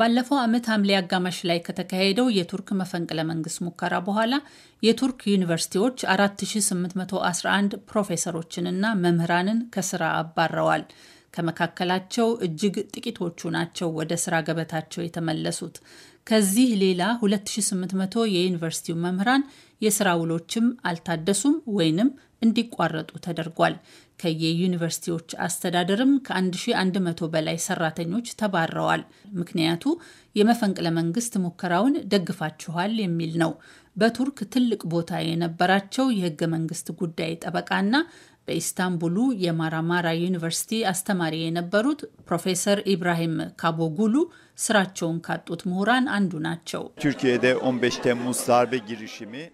ባለፈው ዓመት ሐምሌ አጋማሽ ላይ ከተካሄደው የቱርክ መፈንቅለ መንግስት ሙከራ በኋላ የቱርክ ዩኒቨርሲቲዎች 4811 ፕሮፌሰሮችንና መምህራንን ከስራ አባረዋል። ከመካከላቸው እጅግ ጥቂቶቹ ናቸው ወደ ስራ ገበታቸው የተመለሱት። ከዚህ ሌላ 2800 የዩኒቨርሲቲው መምህራን የስራ ውሎችም አልታደሱም ወይንም እንዲቋረጡ ተደርጓል። ከየዩኒቨርሲቲዎች አስተዳደርም ከ1100 በላይ ሰራተኞች ተባረዋል። ምክንያቱ የመፈንቅለ መንግስት ሙከራውን ደግፋችኋል የሚል ነው። በቱርክ ትልቅ ቦታ የነበራቸው የህገ መንግስት ጉዳይ ጠበቃና በኢስታንቡሉ የማራማራ ዩኒቨርሲቲ አስተማሪ የነበሩት ፕሮፌሰር ኢብራሂም ካቦጉሉ ስራቸውን ካጡት ምሁራን አንዱ ናቸው።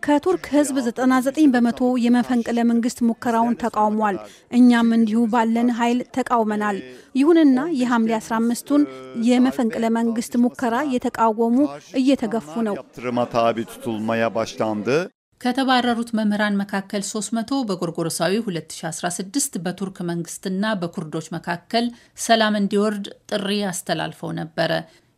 ከቱርክ ህዝብ 99 በመቶ የመፈንቅለ መንግስት ሙከራውን ተቃውሟል። እኛም እንዲሁ ባለን ኃይል ተቃውመናል። ይሁንና የሐምሌ 15ቱን የመፈንቅለ መንግስት ሙከራ የተቃወሙ እየተገፉ ነው። ከተባረሩት መምህራን መካከል 300 በጎርጎረሳዊ 2016 በቱርክ መንግስትና በኩርዶች መካከል ሰላም እንዲወርድ ጥሪ አስተላልፈው ነበረ።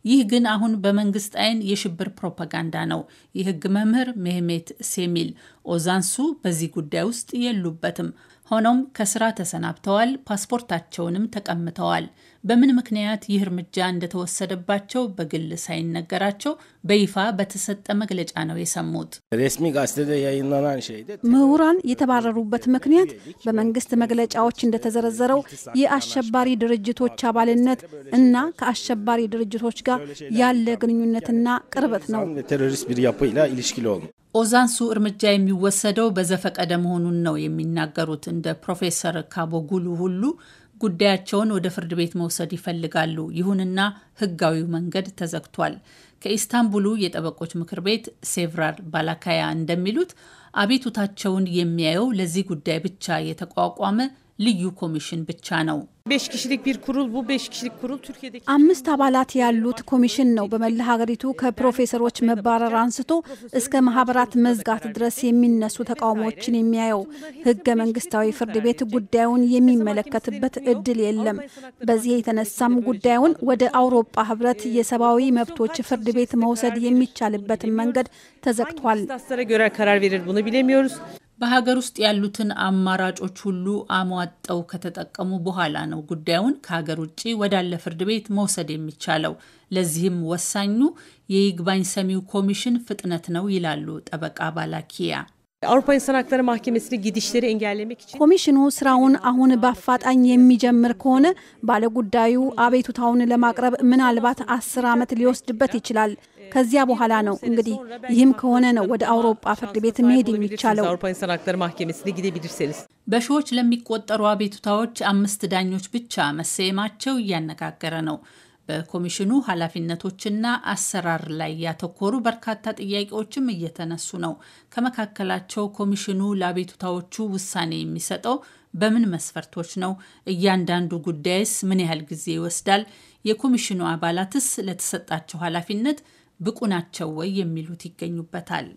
ይህ ግን አሁን በመንግስት አይን የሽብር ፕሮፓጋንዳ ነው። የህግ መምህር ሜህሜት ሴሚል ኦዛንሱ በዚህ ጉዳይ ውስጥ የሉበትም። ሆኖም ከስራ ተሰናብተዋል፣ ፓስፖርታቸውንም ተቀምተዋል። በምን ምክንያት ይህ እርምጃ እንደተወሰደባቸው በግል ሳይነገራቸው በይፋ በተሰጠ መግለጫ ነው የሰሙት። ምሁራን የተባረሩበት ምክንያት በመንግስት መግለጫዎች እንደተዘረዘረው የአሸባሪ ድርጅቶች አባልነት እና ከአሸባሪ ድርጅቶች ጋር ያለ ግንኙነትና ቅርበት ነው። ኦዛንሱ እርምጃ የሚወሰደው በዘፈቀደ መሆኑን ነው የሚናገሩት። እንደ ፕሮፌሰር ካቦጉሉ ሁሉ ጉዳያቸውን ወደ ፍርድ ቤት መውሰድ ይፈልጋሉ። ይሁንና ህጋዊው መንገድ ተዘግቷል። ከኢስታንቡሉ የጠበቆች ምክር ቤት ሴቭራር ባላካያ እንደሚሉት አቤቱታቸውን የሚያየው ለዚህ ጉዳይ ብቻ የተቋቋመ ልዩ ኮሚሽን ብቻ ነው። አምስት አባላት ያሉት ኮሚሽን ነው በመላ ሀገሪቱ ከፕሮፌሰሮች መባረር አንስቶ እስከ ማህበራት መዝጋት ድረስ የሚነሱ ተቃውሞዎችን የሚያየው። ህገ መንግስታዊ ፍርድ ቤት ጉዳዩን የሚመለከትበት እድል የለም። በዚህ የተነሳም ጉዳዩን ወደ አውሮፓ ህብረት የሰብአዊ መብቶች ፍርድ ቤት መውሰድ የሚቻልበትን መንገድ ተዘግቷል። በሀገር ውስጥ ያሉትን አማራጮች ሁሉ አሟጠው ከተጠቀሙ በኋላ ነው ጉዳዩን ከሀገር ውጭ ወዳለ ፍርድ ቤት መውሰድ የሚቻለው። ለዚህም ወሳኙ የይግባኝ ሰሚው ኮሚሽን ፍጥነት ነው ይላሉ ጠበቃ ባላኪያ። ኮሚሽኑ ስራውን አሁን በአፋጣኝ የሚጀምር ከሆነ ባለጉዳዩ አቤቱታውን ለማቅረብ ምናልባት አስር ዓመት ሊወስድበት ይችላል። ከዚያ በኋላ ነው እንግዲህ ይህም ከሆነ ነው ወደ አውሮፓ ፍርድ ቤት መሄድ የሚቻለው። በሺዎች ለሚቆጠሩ አቤቱታዎች አምስት ዳኞች ብቻ መሰየማቸው እያነጋገረ ነው። በኮሚሽኑ ኃላፊነቶችና አሰራር ላይ ያተኮሩ በርካታ ጥያቄዎችም እየተነሱ ነው። ከመካከላቸው ኮሚሽኑ ለአቤቱታዎቹ ውሳኔ የሚሰጠው በምን መስፈርቶች ነው? እያንዳንዱ ጉዳይስ ምን ያህል ጊዜ ይወስዳል? የኮሚሽኑ አባላትስ ለተሰጣቸው ኃላፊነት ብቁ ናቸው ወይ የሚሉት ይገኙበታል።